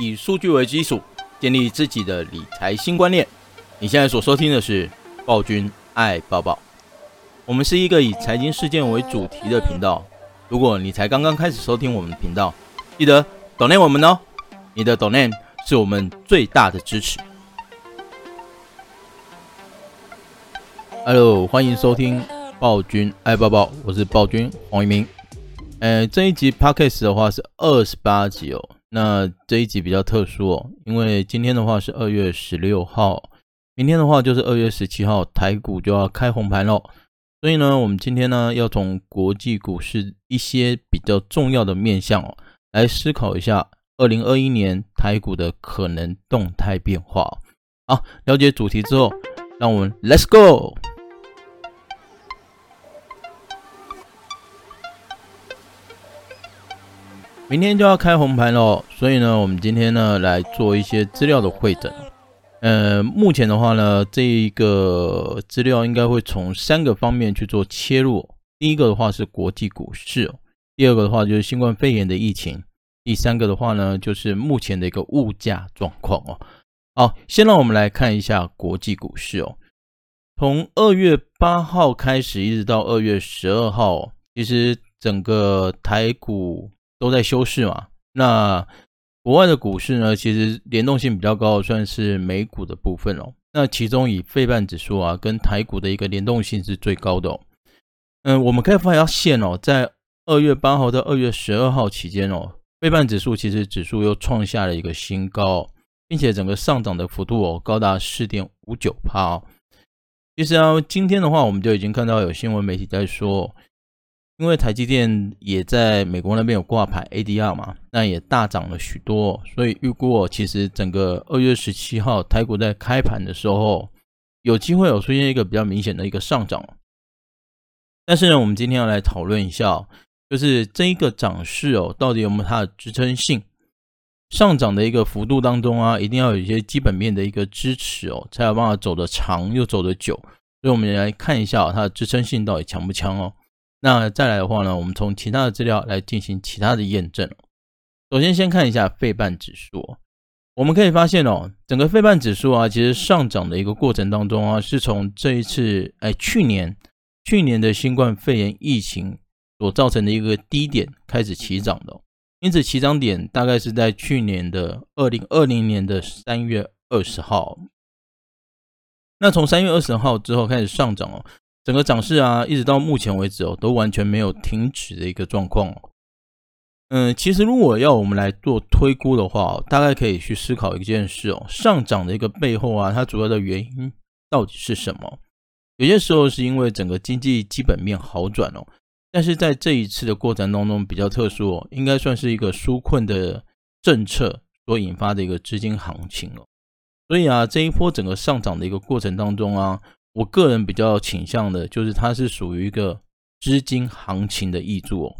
以數據為基礎，建立自己的理財新觀念。你現在所收聽的是暴君愛抱抱。我們是一個以財經事件為主題的頻道。如果你才剛剛開始收聽我們的頻道，記得 donate 我們哦。你的 donate 是我們最大的支持。Hello，歡迎收聽暴君愛抱抱，我是暴君洪一鳴。哎，這一集 Podcast 的話是二十八集哦。那這一集比較特殊哦，因為今天的話是二月十六號，明天的話就是二月十七號，台股就要開紅盤嘍。所以呢，我們今天呢要從國際股市一些比較重要的面向哦，來思考一下二零二一年台股的可能動態變化。好，了解主題之後，讓我們 Let's go。明天就要開紅盤囉，所以呢，我們今天呢來做一些資料的彙整。呃，目前的話呢，這一個資料應該會從三個方面去做切入。第一個的話是國際股市，第二個的話就是新冠肺炎的疫情，第三個的話呢就是目前的一個物價狀況哦。好，先讓我們來看一下國際股市哦。從二月八號開始，一直到二月十二號，其實整個台股。都在休市嘛，那國外的股市呢，其實聯動性比較高，算是美股的部分哦。那其中以費半指數啊，跟台股的一個聯動性是最高的哦。嗯，我們可以發現哦，在二月八號到二月十二號期間哦，費半指數其實指數又創下了一個新高，並且整個上漲的幅度哦，高達四點五九趴。其實啊，今天的話，我們就已經看到有新聞媒體在說。因為台積電也在美國那邊有掛牌 ADR 嘛，那也大漲了許多，所以預估哦，其實整個二月十七號台股在開盤的時候，有機會有出現一個比較明顯的一個上漲。但是呢，我們今天要來討論一下，就是這一個漲勢哦，到底有沒有它的支撐性？上漲的一個幅度當中啊，一定要有一些基本面的一個支持哦，才有辦法走得長又走得久。所以我們來看一下哦，它的支撐性到底強不強哦。那再來的話呢，我們從其他的資料來進行其他的驗證。首先，先看一下費半指數，我們可以發現哦，整個費半指數啊，其實上漲的一個過程當中啊，是從這一次，哎，去年，去年的新冠肺炎疫情所造成的一個低點開始起漲的，因此起漲點大概是在去年的二零二零年的三月二十號。那從三月二十號之後開始上漲哦。整個漲勢啊，一直到目前為止哦，都完全沒有停止的一個狀況哦。嗯，其實如果要我們來做推估的話，大概可以去思考一件事哦，上漲的一個背後啊，它主要的原因到底是什麼？有些時候是因為整個經濟基本面好轉哦，但是在這一次的過程當中比較特殊哦，應該算是一個紓困的政策所引發的一個資金行情了。所以啊，這一波整個上漲的一個過程當中啊。我個人比較傾向的，就是它是屬於一個資金行情的挹注哦。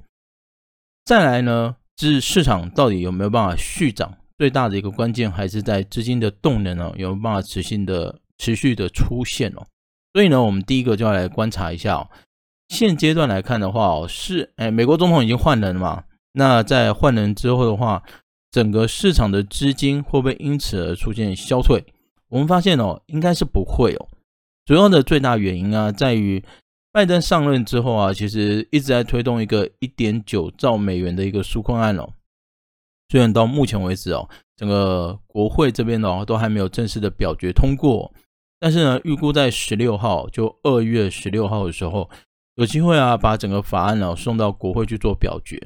再來呢，就是市場到底有沒有辦法續漲？最大的一個關鍵還是在資金的動能哦，有沒有辦法持續的、持續的出現哦？所以呢，我們第一個就要來觀察一下哦。現階段來看的話哦，是，哎，美國總統已經換人了嘛？那在換人之後的話，整個市場的資金會不會因此而出現消退？我們發現哦，應該是不會哦。主要的最大原因啊，在於拜登上任之後啊，其實一直在推動一個1.9兆美元的一個紓困案哦。雖然到目前為止哦、啊，整個國會這邊的話都還沒有正式的表決通過，但是呢，預估在16號，就2月16號的時候，有機會啊，把整個法案哦、啊、送到國會去做表決。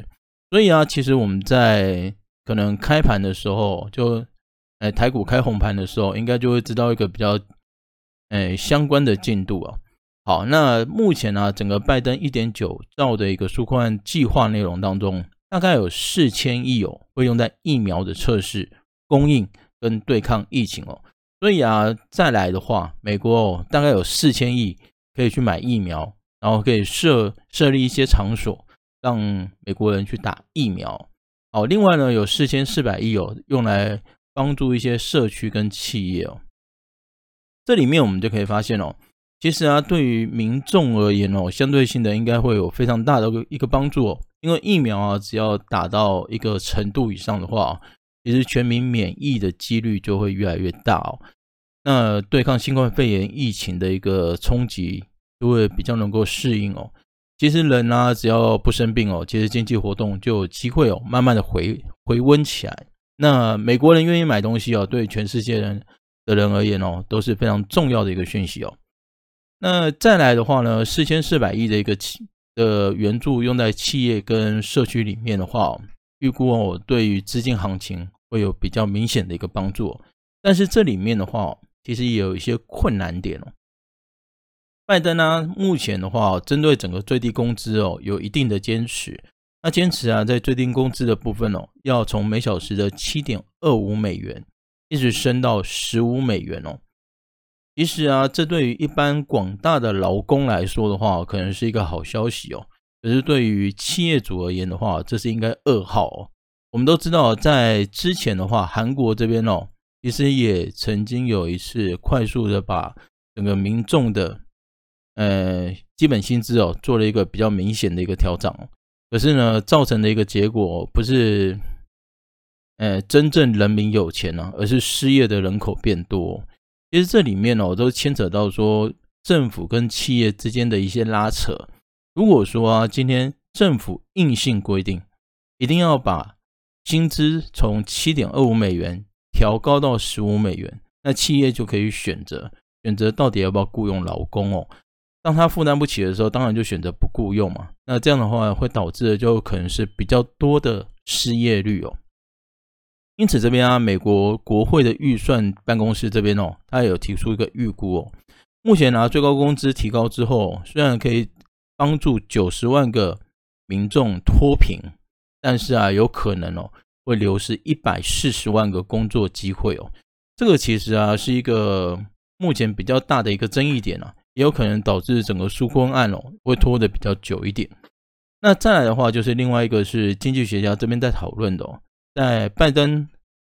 所以啊，其實我們在可能開盤的時候，就誒、哎，台股開紅盤的時候，應該就會知道一個比較。哎，相關的進度啊，好，那目前呢、啊，整個拜登一點九兆的一個紓困案計劃內容當中，大概有四千億哦，會用在疫苗的測試、供應跟對抗疫情哦。所以啊，再來的話，美國哦，大概有四千億可以去買疫苗，然後可以設設立一些場所，讓美國人去打疫苗。好，另外呢，有四千四百億哦，用來幫助一些社區跟企業哦。這裡面我們就可以發現哦，其實啊，對於民眾而言哦，相對性的應該會有非常大的一個幫助哦，因為疫苗啊，只要打到一個程度以上的話，其實全民免疫的幾率就會越來越大哦。那對抗新冠肺炎疫情的一個衝擊，就會比較能夠適應哦。其實人啊，只要不生病哦，其實經濟活動就有機會哦，慢慢的回回溫起來。那美國人願意買東西哦，對全世界人的人而言哦，都是非常重要的一個訊息哦。那再來的話呢，四千四百億的一個企的援助用在企業跟社區裡面的話哦，預估哦，對於資金行情會有比較明顯的一個幫助。但是這裡面的話，其實也有一些困難點哦。拜登呢，目前的話，針對整個最低工資哦，有一定的堅持。那堅持啊，在最低工資的部分哦，要從每小時的七點二五美元。一直升到十五美元哦。其實啊，這對於一般廣大的勞工來說的話，可能是一個好消息哦。可是對於企業主而言的話，這是應該噩耗。我們都知道，在之前的話，韓國這邊哦，其實也曾經有一次快速的把整個民眾的呃基本薪資哦做了一個比較明顯的一個調漲。可是呢，造成的一個結果不是。呃，真正人民有錢呢、啊，而是失業的人口變多、哦。其實，這裡面哦，都牽扯到說政府跟企業之間的一些拉扯。如果說啊，今天政府硬性規定一定要把薪資從七點二五美元調高到十五美元，那企業就可以選擇選擇到底要不要雇傭勞工哦。當他負擔不起的時候，當然就選擇不雇傭嘛。那這樣的話，會導致的就可能是比較多的失業率哦。因此，這邊啊，美國國會的預算辦公室這邊哦，他也有提出一個預估哦。目前拿啊，最高工資提高之後，雖然可以幫助九十萬個民眾脫貧，但是啊，有可能哦，會流失一百四十萬個工作機會哦。這個其實啊，是一個目前比較大的一個爭議點啊，也有可能導致整個紓困案哦，會拖得比較久一點。那再來的話，就是另外一個是經濟學家這邊在討論的哦。在拜登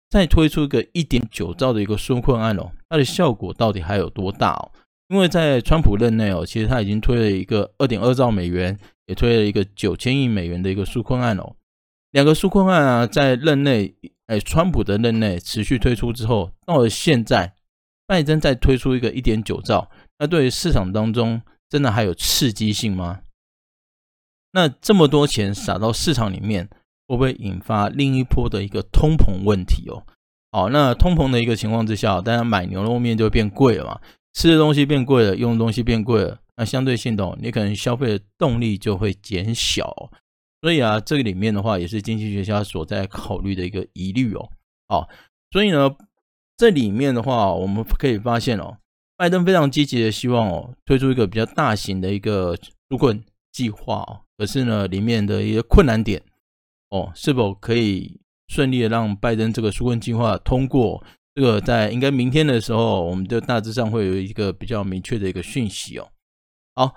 再推出一個一點九兆的一個紓困案哦，它的效果到底還有多大哦？因為在川普任內哦，其實他已經推了一個二點二兆美元，也推了一個九千億美元的一個紓困案哦。兩個紓困案啊，在任內，哎，川普的任內持續推出之後，到了現在，拜登再推出一個一點九兆，那對於市場當中真的還有刺激性嗎？那這麼多錢撒到市場裡面，會不會引發另一波的一個通膨問題哦？好，那通膨的一個情況之下，大家買牛肉麵就會變貴了嘛？吃的東西變貴了，用的東西變貴了，那相對性的，你可能消費的動力就會減小。所以啊，這個裡面的話，也是經濟學家所在考慮的一個疑慮哦。啊，所以呢，這裡面的話，我們可以發現哦，拜登非常積極的希望哦，推出一個比較大型的一個紓困計劃哦，可是呢，裡面的一些困難點。哦，是否可以順利的讓拜登這個紓困計劃通過？這個在應該明天的時候，我們就大致上會有一個比較明確的一個訊息哦。好，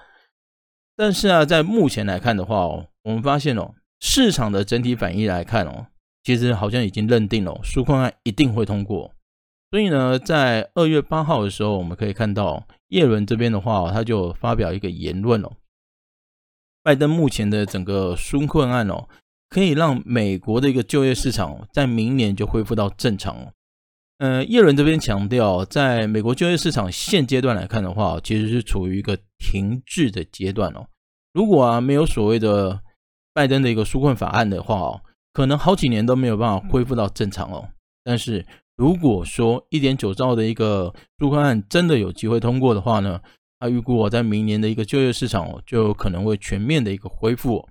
但是啊，在目前來看的話哦，我們發現哦，市場的整體反應來看哦，其實好像已經認定了紓困案一定會通過。所以呢，在二月八號的時候，我們可以看到葉倫這邊的話哦，他就發表一個言論哦，拜登目前的整個紓困案哦。可以讓美國的一個就業市場在明年就恢復到正常哦。呃，耶倫這邊強調，在美國就業市場現階段來看的話，其實是處於一個停滯的階段哦。如果啊沒有所謂的拜登的一個紓困法案的話哦，可能好幾年都沒有辦法恢復到正常哦。但是如果說一點九兆的一個紓困案真的有機會通過的話呢，他預估我在明年的一個就業市場就可能會全面的一個恢復。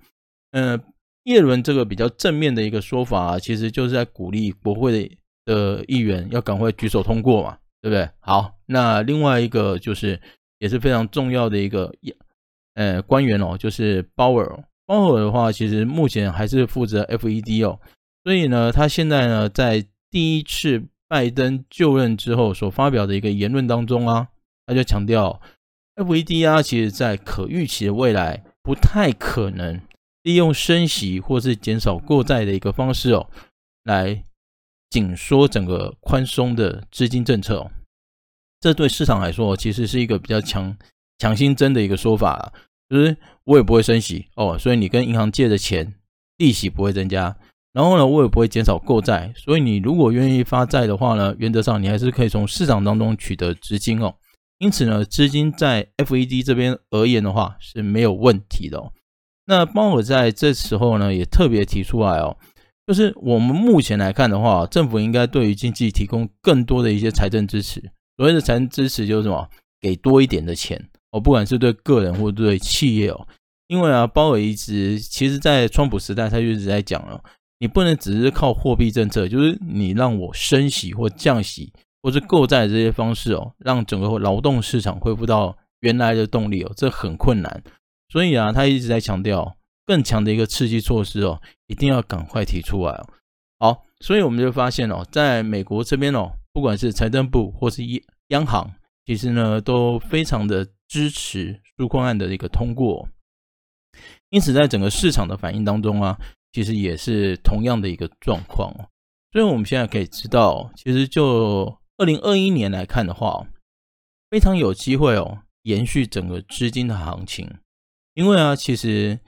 嗯。葉倫這個比較正面的一個說法啊，其實就是在鼓勵國會的議員要趕快舉手通過嘛，對不對？好，那另外一個就是也是非常重要的一個一呃官員哦，就是鮑爾。鮑爾的話，其實目前還是負責 FED 哦，所以呢，他現在呢在第一次拜登就任之後所發表的一個言論當中啊，他就強調 FED 啊，其實在可預期的未來不太可能。利用升息或是減少購債的一個方式哦，來緊縮整個寬鬆的資金政策哦，這對市場來說哦，其實是一個比較強強心針的一個說法啊，就是我也不會升息哦，所以你跟銀行借的錢利息不會增加，然後呢，我也不會減少購債，所以你如果願意發債的話呢，原則上你還是可以從市場當中取得資金哦，因此呢，資金在 FED 這邊而言的話是沒有問題的哦。那鮑爾在這時候呢，也特別提出來哦，就是我們目前來看的話，政府應該對於經濟提供更多的一些財政支持。所謂的財政支持就是什麼？給多一點的錢哦，不管是對個人或對企業哦。因為啊，鮑爾一直其實，在川普時代他就一直在講了，你不能只是靠貨幣政策，就是你讓我升息或降息，或是購債這些方式哦，讓整個勞動市場恢復到原來的動力哦，這很困難。所以啊，他一直在強調更強的一個刺激措施哦，一定要趕快提出來哦。好，所以我們就發現哦，在美國這邊哦，不管是財政部或是央行，其實呢都非常的支持紓困案的一個通過。因此，在整個市場的反應當中啊，其實也是同樣的一個狀況哦。所以，我們現在可以知道，其實就二零二一年來看的話，非常有機會哦，延續整個資金的行情。因為啊，其實，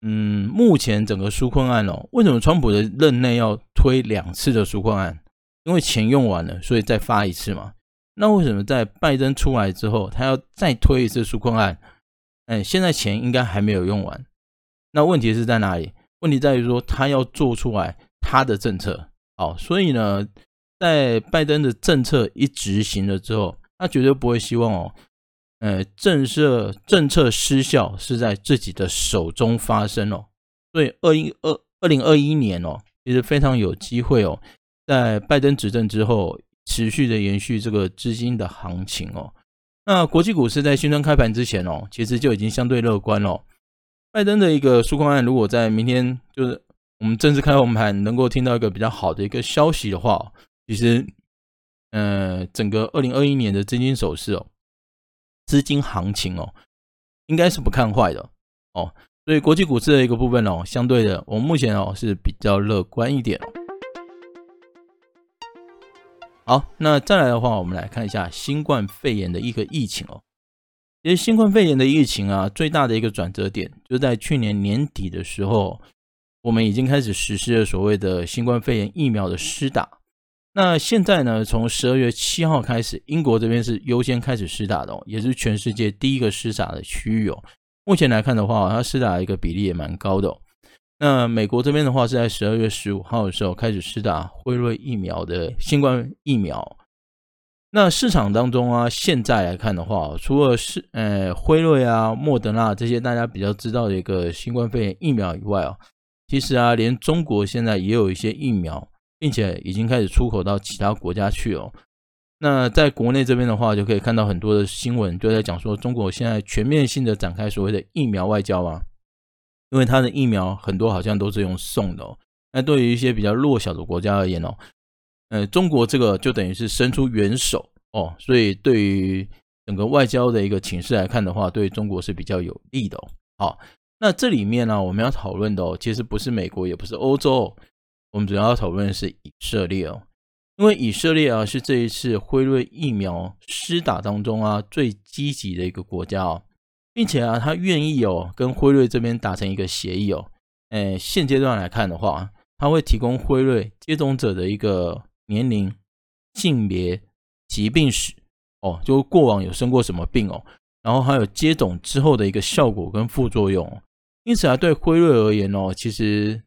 嗯，目前整個紓困案哦，為什麼川普的任內要推兩次的紓困案？因為錢用完了，所以再發一次嘛。那為什麼在拜登出來之後，他要再推一次紓困案？哎，現在錢應該還沒有用完。那問題是在哪裡？問題在於說他要做出來他的政策。好，所以呢，在拜登的政策一執行了之後，他絕對不會希望哦，呃，政策政策失效是在自己的手中發生哦，所以二一二二零二一年哦，其實非常有機會哦，在拜登執政之後，持續的延續這個資金的行情哦。那國際股市在新春開盤之前哦，其實就已經相對樂觀了哦。拜登的一個紓困案，如果在明天就是我們正式開紅盤，能夠聽到一個比較好的一個消息的話，哦，其實呃，整個二零二一年的資金走勢哦。資金行情哦，應該是不看壞的哦，所以國際股市的一個部分哦，相對的，我們目前哦，是比較樂觀一點。好，那再來的話，我們來看一下新冠肺炎的一個疫情哦。其實新冠肺炎的疫情啊，最大的一個轉折點就在去年年底的時候，我們已經開始實施了所謂的新冠肺炎疫苗的施打。那現在呢？從十二月七號開始，英國這邊是優先開始施打的哦，也是全世界第一個施打的區域哦。目前來看的話、哦，它施打的一個比例也蠻高的哦。那美國這邊的話，是在十二月十五號的時候開始施打輝瑞疫苗的新冠疫苗、哦。那市場當中啊，現在來看的話、哦，除了是呃、哎、輝瑞啊、莫德納這些大家比較知道的一個新冠肺炎疫苗以外哦，其實啊，連中國現在也有一些疫苗。並且已經開始出口到其他國家去哦。那在國內這邊的話，就可以看到很多的新聞，就在講說中國現在全面性的展開所謂的疫苗外交啊。因為它的疫苗很多好像都是用送的哦。那對於一些比較弱小的國家而言哦，呃，中國這個就等於是伸出援手哦。所以對於整個外交的一個情勢來看的話，對中國是比較有利的哦。好，那這裡面呢、啊，我們要討論的哦，其實不是美國，也不是歐洲哦。我們主要要討論的是以色列哦，因為以色列啊是這一次輝瑞疫苗施打當中啊最積極的一個國家哦，並且啊他願意哦跟輝瑞這邊達成一個協議哦，哎現階段來看的話，他會提供輝瑞接種者的一個年齡、性別、疾病史，哦，就過往有生過什麼病哦，然後還有接種之後的一個效果跟副作用，因此啊對輝瑞而言哦，其實。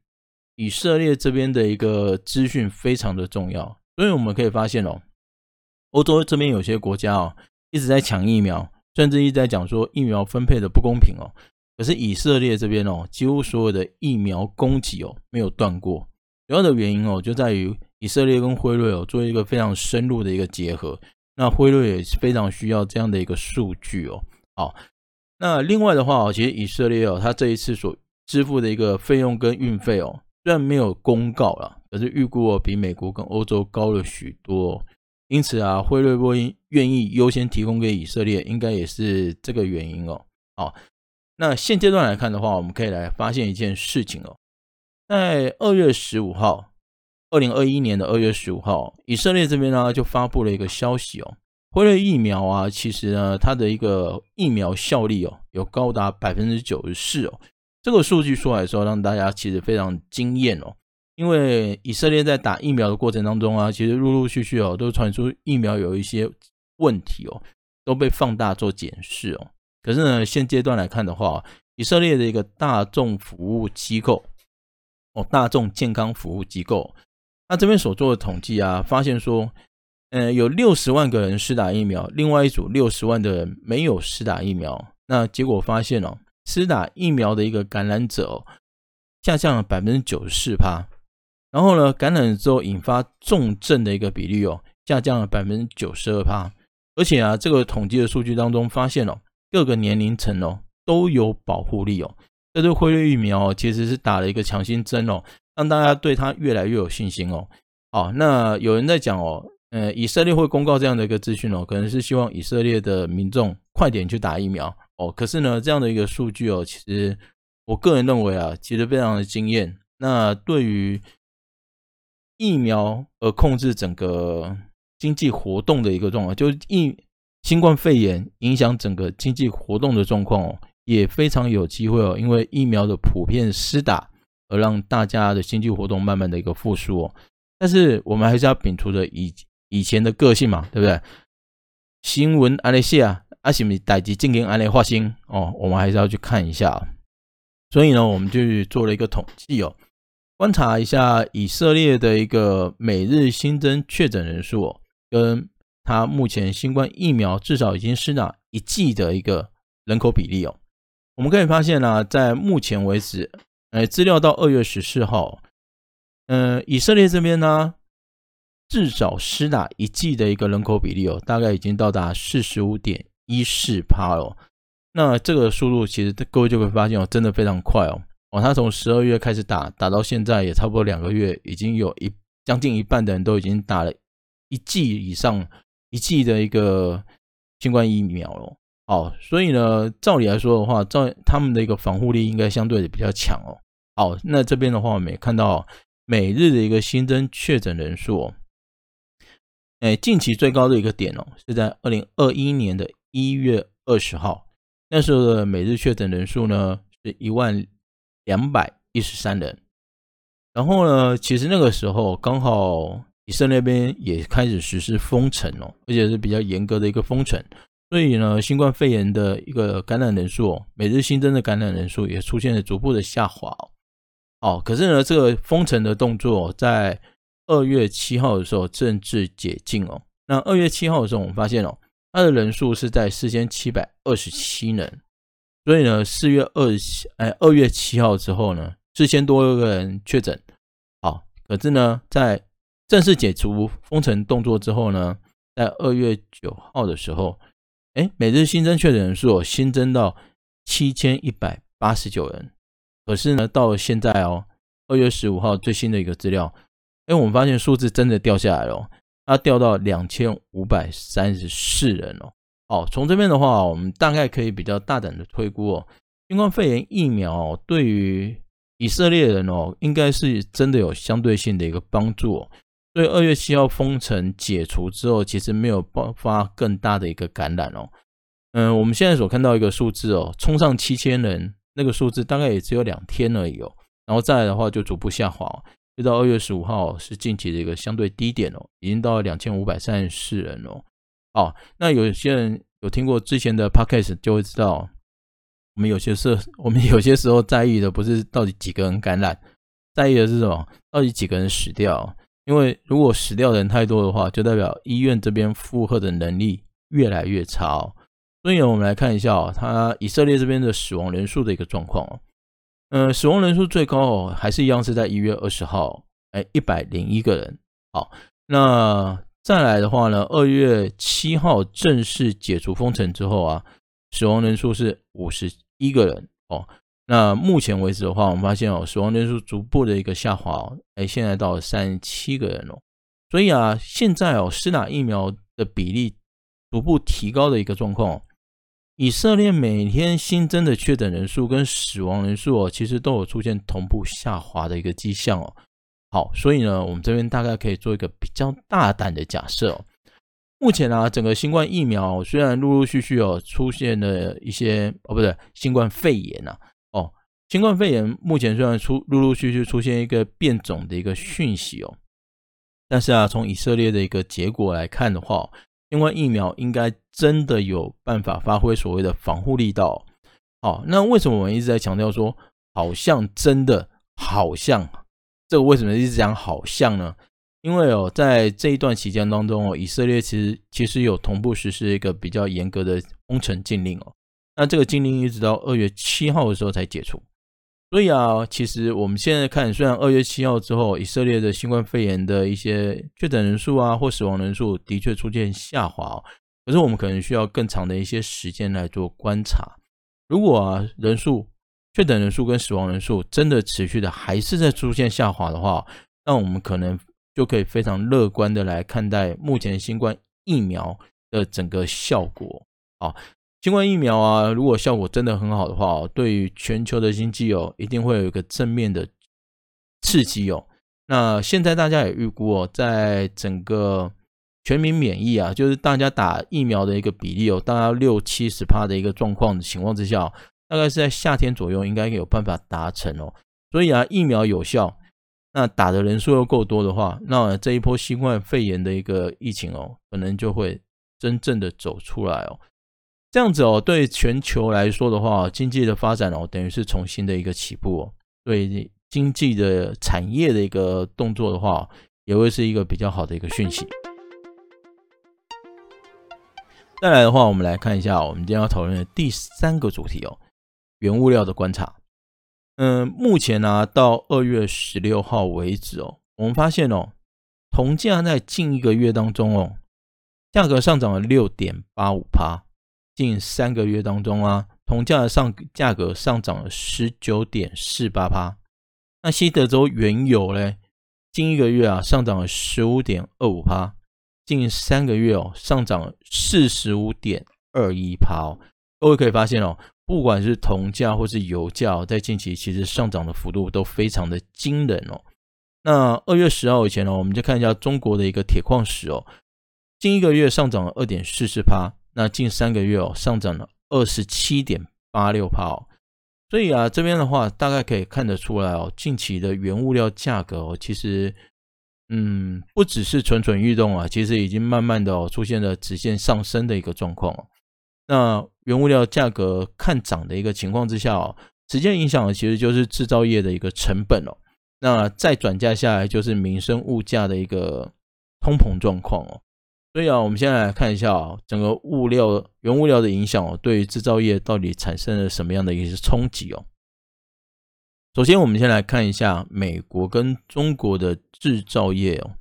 以色列這邊的一個資訊非常的重要，所以我們可以發現哦，歐洲這邊有些國家哦一直在搶疫苗，甚至一直在講說疫苗分配的不公平哦。可是以色列這邊哦，幾乎所有的疫苗供給哦沒有斷過，主要的原因哦就在於以色列跟輝瑞哦做一個非常深入的一個結合，那輝瑞也是非常需要這樣的一個數據哦。好，那另外的話哦，其實以色列哦，它這一次所支付的一個費用跟運費哦。雖然沒有公告了，可是預估、喔、比美國跟歐洲高了許多、喔，因此啊輝瑞 BNT 願意優先提供給以色列，應該也是這個原因哦、喔。好，那現階段來看的話，我們可以來發現一件事情哦、喔，在二月十五號，二零二一年的二月十五號，以色列這邊呢就發佈了一個消息哦、喔，輝瑞疫苗啊，其實呢它的一個疫苗效力哦、喔、有高達百分之九十四哦。喔這個數據出來的時候，讓大家其實非常驚艷哦，因為以色列在打疫苗的過程當中啊，其實陸陸續續哦，都傳出疫苗有一些問題哦，都被放大做檢視哦。可是呢，現階段來看的話，以色列的一個大眾服務機構哦，大眾健康服務機構，那這邊所做的統計啊，發現說，嗯，有六十萬個人施打疫苗，另外一組六十萬的人沒有施打疫苗，那結果發現哦。施打疫苗的一個感染者哦，下降了百分之九十四趴。然後呢，感染之後引發重症的一個比例哦，下降了百分之九十二趴。而且啊，這個統計的數據當中發現哦，各個年齡層哦都有保護力哦。這對輝瑞疫苗哦，其實是打了一個強心針哦，讓大家對它越來越有信心哦。好，那有人在講哦，呃，以色列會公告這樣的一個資訊哦，可能是希望以色列的民眾。快點去打疫苗哦！可是呢，這樣的一個數據哦，其實我個人認為啊，其實非常的驚艷。那對於疫苗而控制整個經濟活動的一個狀況，就是疫新冠肺炎影響整個經濟活動的狀況哦，也非常有機會哦，因為疫苗的普遍的施打而讓大家的經濟活動慢慢的一個復甦哦。但是我們還是要秉持着以以前的個性嘛，對不對？新聞阿分西啊。阿西米打擊進行安聯化新哦，我們還是要去看一下。所以呢，我們就做了一個統計哦，觀察一下以色列的一個每日新增確診人數哦，跟他目前新冠疫苗至少已經施打一劑的一個人口比例哦。我們可以發現呢，在目前為止，誒、呃、資料到二月十四號，嗯、呃，以色列這邊呢，至少施打一劑的一個人口比例哦，大概已經到達四十五點一四趴哦，那這個速度其實各位就會發現哦，真的非常快哦，哦，他從十二月開始打，打到現在也差不多兩個月，已經有一將近一半的人都已經打了一劑以上一劑的一個新冠疫苗了哦，所以呢，照理來說的話，照他們的一個防護力應該相對的比較強哦，哦，那這邊的話我們也看到每日的一個新增確診人數哦，哎、欸，近期最高的一個點哦是在二零二一年的。一月二十號，那時候的每日確診人數呢是一萬兩百一十三人。然後呢，其實那個時候剛好以色列那邊也開始實施封城哦，而且是比較嚴格的一個封城，所以呢，新冠肺炎的一個感染人數，每日新增的感染人數也出現了逐步的下滑。哦，可是呢，這個封城的動作在二月七號的時候正式解禁哦。那二月七號的時候，我們發現哦。它的人數是在四千七百二十七人，所以呢、哎，四月二十七哎二月七號之後呢，四千多個人確診，好，可是呢，在正式解除封城動作之後呢，在二月九號的時候、欸，每日新增確診人數有新增到七千一百八十九人，可是呢，到了現在哦，二月十五號最新的一個資料，哎、欸，我們發現數字真的掉下來了、哦。它掉到兩千五百三十四人哦，哦，從這邊的話，我們大概可以比較大膽的推估哦，新冠肺炎疫苗哦，對於以色列人哦，應該是真的有相對性的一個幫助哦，所以二月七號封城解除之後，其實沒有爆發更大的一個感染哦，嗯，我們現在所看到一個數字哦，衝上七千人，那個數字大概也只有兩天而已哦，然後再來的話就逐步下滑哦。直到二月十五號是近期的一個相對低點哦，已經到了兩千五百三十四人哦。哦，那有些人有聽過之前的 podcast 就會知道，我們有些時候我們有些時候在意的不是到底幾個人感染，在意的是什麼？到底幾個人死掉？因為如果死掉的人太多的話，就代表醫院這邊負荷的能力越來越差。哦。所以，我們來看一下、哦、他以色列這邊的死亡人數的一個狀況哦。嗯、呃，死亡人數最高哦，還是一樣是在一月二十號、哦，哎、欸，一百零一個人。好，那再來的話呢，二月七號正式解除封城之後啊，死亡人數是五十一個人哦。那目前為止的話，我們發現哦，死亡人數逐步的一個下滑哦，哎、欸，現在到了三十七個人哦。所以啊，現在哦，施打疫苗的比例逐步提高的一個狀況。以色列每天新增的確診人數跟死亡人數哦，其實都有出現同步下滑的一個跡象哦。好，所以呢，我們這邊大概可以做一個比較大膽的假設哦。目前呢、啊，整個新冠疫苗雖然陸陸續續哦出現了一些哦不對，新冠肺炎吶、啊、哦，新冠肺炎目前雖然出陸陸續續出現一個變種的一個訊息哦，但是啊，從以色列的一個結果來看的話，因為疫苗應該真的有辦法發揮所謂的防護力道哦，哦，那為什麼我們一直在強調說好像真的好像？這個為什麼一直講好像呢？因為哦，在這一段期間當中哦，以色列其實其實有同步實施一個比較嚴格的封城禁令哦，那這個禁令一直到二月七號的時候才解除。所以啊，其實我們現在看，雖然二月七號之後，以色列的新冠肺炎的一些確診人數啊，或死亡人數的確出現下滑哦，可是我們可能需要更長的一些時間來做觀察。如果啊，人數、確診人數跟死亡人數真的持續的還是在出現下滑的話，那我們可能就可以非常樂觀的來看待目前新冠疫苗的整個效果啊。新冠疫苗啊，如果效果真的很好的話，對於全球的經濟哦，一定會有一個正面的刺激哦。那現在大家也預估哦，在整個全民免疫啊，就是大家打疫苗的一個比例哦，大概六七十趴的一個狀況的情況之下，大概是在夏天左右應該有辦法達成哦。所以啊，疫苗有效，那打的人數又夠多的話，那這一波新冠肺炎的一個疫情哦，可能就會真正的走出來哦。這樣子哦，對全球來說的話，經濟的發展哦，等於是重新的一個起步哦。對經濟的產業的一個動作的話，也會是一個比較好的一個訊息。再來的話，我們來看一下我們今天要討論的第三個主題哦，原物料的觀察。嗯，目前呢、啊，到二月十六號為止哦，我們發現哦，銅價在近一個月當中哦，價格上漲了六點八五趴。近三個月當中啊，銅價的上價格上漲了十九點四八趴。那西德州原油呢？近一個月啊上漲了十五點二五趴。近三個月哦，上漲了四十五點二一趴。哦，各位可以發現哦，不管是銅價或是油價、哦，在近期其實上漲的幅度都非常的驚人哦。那二月十號以前呢，我們就看一下中國的一個鐵礦石哦，近一個月上漲了二點四四趴。那近三個月哦，上漲了27.86%哦，所以啊，這邊的話大概可以看得出來哦，近期的原物料價格哦，其實嗯，不只是蠢蠢欲動啊，其實已經慢慢的哦，出現了直線上升的一個狀況哦。那原物料價格看漲的一個情況之下哦，直接影響的其實就是製造業的一個成本哦，那再轉嫁下來就是民生物價的一個通膨狀況哦。所以啊，我們先來看一下啊，整個物料、原物料的影響哦、啊，對於製造業到底產生了什麼樣的一些衝擊哦？首先，我們先來看一下美國跟中國的製造業哦。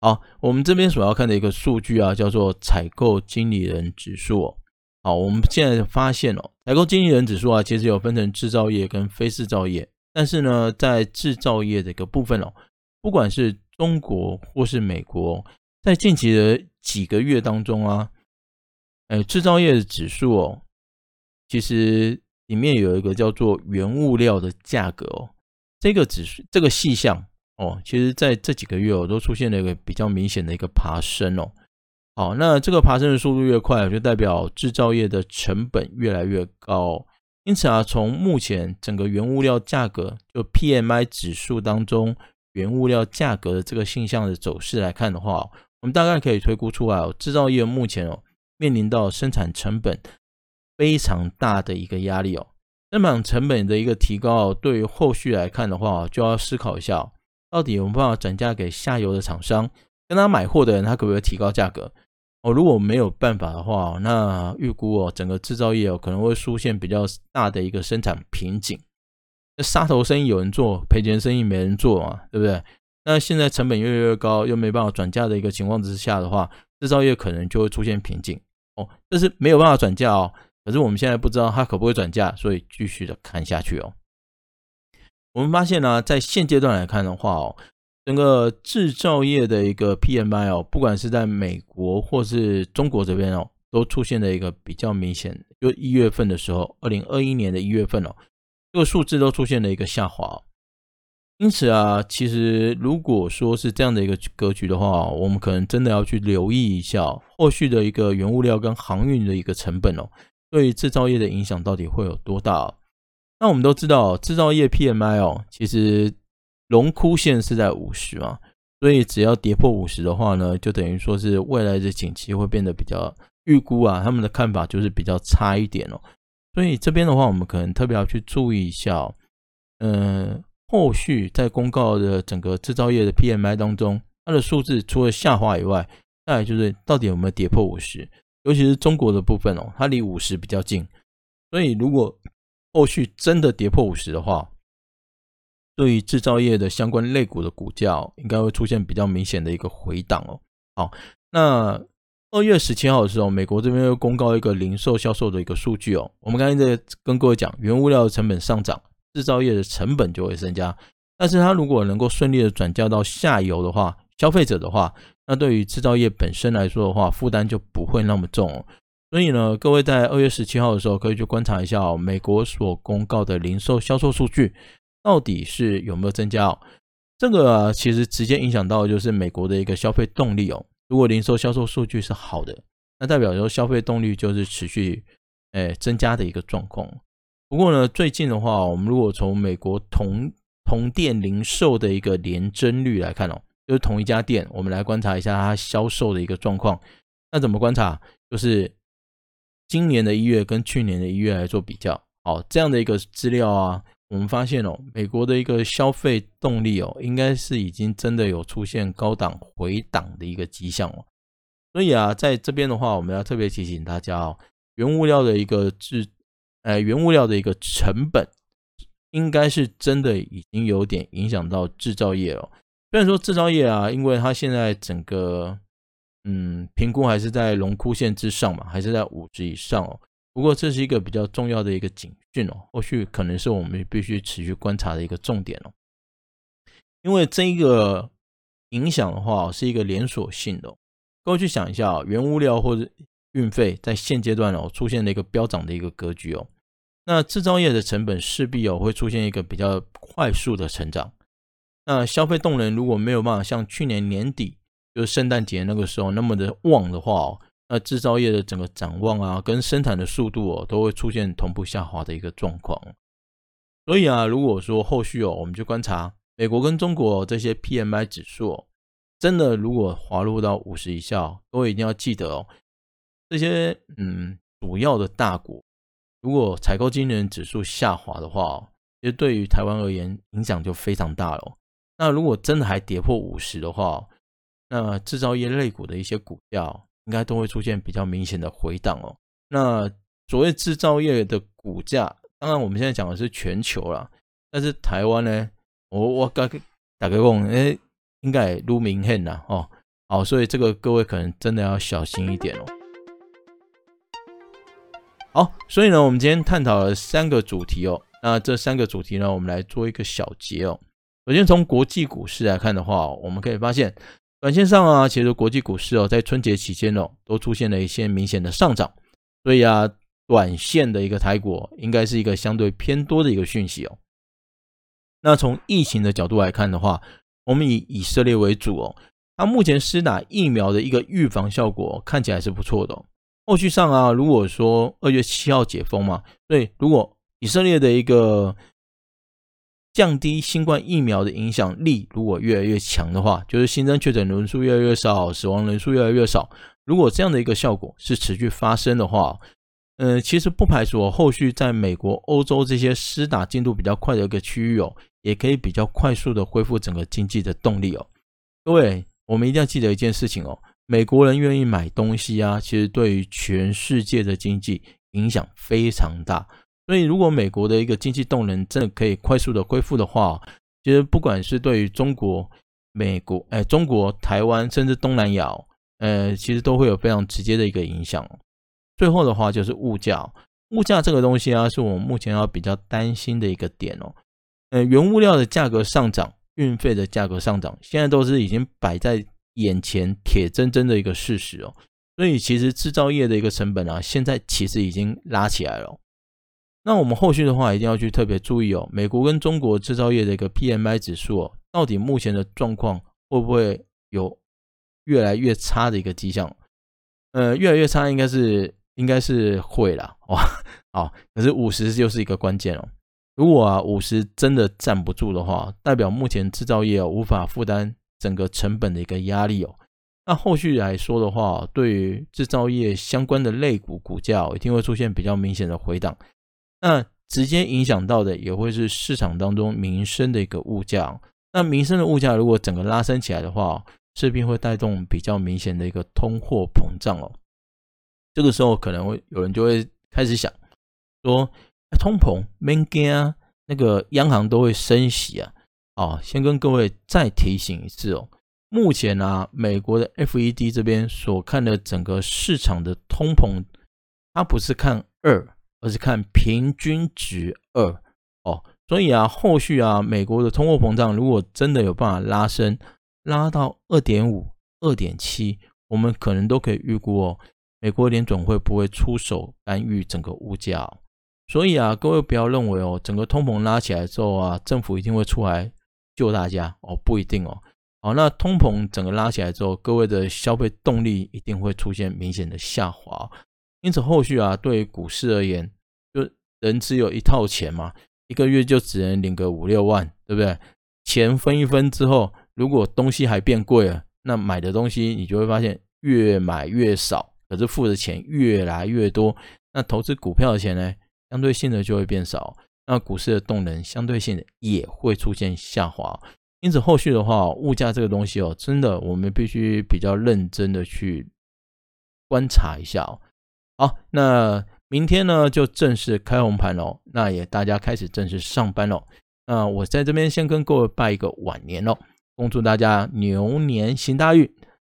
好，我們這邊所要看的一個數據啊，叫做採購經理人指數哦。好，我們現在發現哦，採購經理人指數啊，其實有分成製造業跟非製造業，但是呢，在製造業這個部分哦、啊，不管是中國或是美國，在近期的幾個月當中啊，呃、哎，制造業的指數哦，其實裡面有一個叫做原物料的價格哦，這個指數這個細項哦，其實在這幾個月哦都出現了一個比較明顯的一個爬升哦。好，那這個爬升的速度越快，就代表制造業的成本越來越高哦。因此啊，從目前整個原物料價格就 PMI 指數當中原物料價格的這個現象的走勢來看的話。我們大概可以推估出來哦，製造業目前哦面臨到生產成本非常大的一個壓力哦，生產成本的一個提高，哦，對於後續來看的話，哦，就要思考一下，哦，到底有沒有辦法轉嫁給下游的廠商，跟他買貨的人，他可不可以提高價格？哦，如果沒有辦法的話，那預估哦整個製造業哦可能會出現比較大的一個生產瓶頸。殺頭生意有人做，賠錢生意沒人做嘛，對不對？那現在成本越來越高，又沒辦法轉嫁的一個情況之下的話，製造業可能就會出現瓶頸哦。但是沒有辦法轉嫁哦。可是我們現在不知道它可不可以轉嫁，所以繼續的看下去哦。我們發現呢、啊，在現階段來看的話哦，整個製造業的一個 PMI 哦，不管是在美國或是中國這邊哦，都出現了一個比較明顯，就一月份的時候，二零二一年的一月份哦，這個數字都出現了一個下滑。因此啊，其實如果說是這樣的一個格局的話，我們可能真的要去留意一下後續的一個原物料跟航運的一個成本哦，對製造業的影響到底會有多大？那我們都知道，製造業 PMI 哦，其實榮枯線是在五十啊，所以只要跌破五十的話呢，就等於說是未來的景氣會變得比較預估啊，他們的看法就是比較差一點哦。所以這邊的話，我們可能特別要去注意一下，嗯。後續在公告的整個製造業的 PMI 當中，它的數字除了下滑以外，再來就是到底有沒有跌破五十，尤其是中國的部分哦，它離五十比較近，所以如果後續真的跌破五十的話，對於製造業的相關類股的股價哦，應該會出現比較明顯的一個回檔哦。好，那二月十七號的時候，美國這邊又公告一個零售銷售的一個數據哦，我們剛才在跟各位講，原物料的成本上漲。製造業的成本就會增加，但是它如果能夠順利的轉嫁到下游的話，消費者的話，那對於製造業本身來說的話，負擔就不會那麼重。所以呢，各位在二月十七號的時候可以去觀察一下美國所公告的零售銷售數據到底是有沒有增加哦。這個啊，其實直接影響到就是美國的一個消費動力哦。如果零售銷售數據是好的，那代表說消費動力就是持續誒、哎、增加的一個狀況。不過呢，最近的話，我們如果從美國同同店零售的一個年增率來看哦，就是同一家店，我們來觀察一下它銷售的一個狀況。那怎麼觀察？就是今年的一月跟去年的一月來做比較。哦，這樣的一個資料啊，我們發現哦，美國的一個消費動力哦，應該是已經真的有出現高檔回檔的一個跡象了。所以啊，在這邊的話，我們要特別提醒大家哦，原物料的一個質。哎、呃，原物料的一個成本，應該是真的已經有點影響到制造業了。雖然說制造業啊，因為它現在整個嗯評估還是在榮枯線之上嘛，還是在五十以上哦。不過這是一個比較重要的一個警訊哦，後續可能是我們必須持續觀察的一個重點哦。因為這一個影響的話是一個連鎖性的、哦，過去想一下、哦，原物料或者。運費在現階段哦，出現了一個飆漲的一個格局哦。那製造業的成本勢必哦會出現一個比較快速的成長。那消費動能如果沒有辦法像去年年底就是聖誕節那個時候那麼的旺的話哦，那製造業的整個展望啊跟生產的速度哦都會出現同步下滑的一個狀況。所以啊，如果說後續哦，我們去觀察美國跟中國、哦、這些 PMI 指數、哦，真的如果滑落到五十以下，哦，都一定要記得哦。這些嗯，主要的大股，如果採購經理人指數下滑的話，其實對於台灣而言影響就非常大了。那如果真的還跌破五十的話，那制造業類股的一些股票應該都會出現比較明顯的回檔哦。那所謂制造業的股價，當然我們現在講的是全球啦，但是台灣呢，我我打個打個拱，哎、欸，應該也露明恨吶哦，好，所以這個各位可能真的要小心一點嘍、哦。好，所以呢，我們今天探討了三個主題哦。那這三個主題呢，我們來做一個小結哦。首先，從國際股市來看的話，我們可以發現，短線上啊，其實國際股市哦，在春節期間哦，都出現了一些明顯的上漲。所以啊，短線的一個台股應該是一個相對偏多的一個訊息哦。那從疫情的角度來看的話，我們以以色列為主哦，它目前施打疫苗的一個預防效果看起來是不錯的。後續上啊，如果說二月七號解封嘛，所以如果以色列的一個降低新冠疫苗的影響力，如果越來越強的話，就是新增確診人數越來越少，死亡人數越來越少。如果這樣的一個效果是持續發生的話，嗯，呃，其實不排除後續在美國、歐洲這些施打進度比較快的一個區域哦，也可以比較快速的恢復整個經濟的動力哦。各位，我們一定要記得一件事情哦。美國人願意買東西啊，其實對於全世界的經濟影響非常大。所以，如果美國的一個經濟動能真的可以快速的恢復的話，其實不管是對於中國、美國、哎，中國、台灣，甚至東南亞，呃，其實都會有非常直接的一個影響。最後的話就是物價，物價這個東西啊，是我們目前要比較擔心的一個點哦。呃，原物料的價格上漲，運費的價格上漲，現在都是已經擺在。眼前鐵錚錚的一個事實哦，所以其實製造業的一個成本啊，現在其實已經拉起來了，哦。那我們後續的話一定要去特別注意哦，美國跟中國製造業的一個 PMI 指數哦，到底目前的狀況會不會有越來越差的一個跡象？呃，越來越差應該是應該是會了哇，哦，好，可是五十就是一個關鍵哦。如果啊五十真的站不住的話，代表目前製造業無法負擔。整個成本的一個壓力哦，那後續來說的話，對於制造業相關的類股股價哦，一定會出現比較明顯的回檔。那直接影響到的也會是市場當中民生的一個物價哦。那民生的物價如果整個拉升起來的話，勢必會帶動比較明顯的一個通貨膨脹哦。這個時候可能會有人就會開始想說：通膨免驚啊，那個央行都會升息啊。哦，先跟各位再提醒一次哦，目前呢、啊，美國的 FED 這邊所看的整個市場的通膨，它不是看二，而是看平均值二哦。所以啊，後續啊，美國的通貨膨脹如果真的有辦法拉升，拉到二點五、二點七，我們可能都可以預估哦，美國聯準會不會出手干預整個物價哦。所以啊，各位不要認為哦，整個通膨拉起來之後啊，政府一定會出來。救大家哦，不一定哦。好，哦，那通膨整個拉起來之後，各位的消費動力一定會出現明顯的下滑哦。因此，後續啊，對於股市而言，就人只有一套錢嘛，一個月就只能領個五六萬，對不對？錢分一分之後，如果東西還變貴了，那買的東西你就會發現越買越少，可是付的錢越來越多。那投資股票的錢呢，相對性的就會變少。那股市的動能相對性也會出現下滑，因此後續的話，物價這個東西哦，真的我們必須比較認真的去觀察一下哦。好，那明天呢就正式開紅盤嘍，那也大家開始正式上班嘍。那我在這邊先跟各位拜一個晚年嘍，恭祝大家牛年行大運，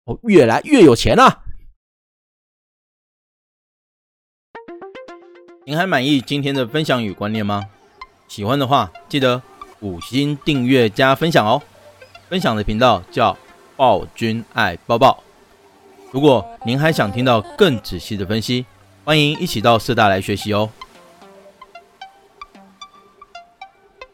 哦，越來越有錢啦，啊！您還滿意今天的分享與觀念嗎？喜歡的話，記得五星訂閱加分享哦。分享的頻道叫暴君愛抱抱。如果您還想聽到更仔細的分析，歡迎一起到社大來學習哦。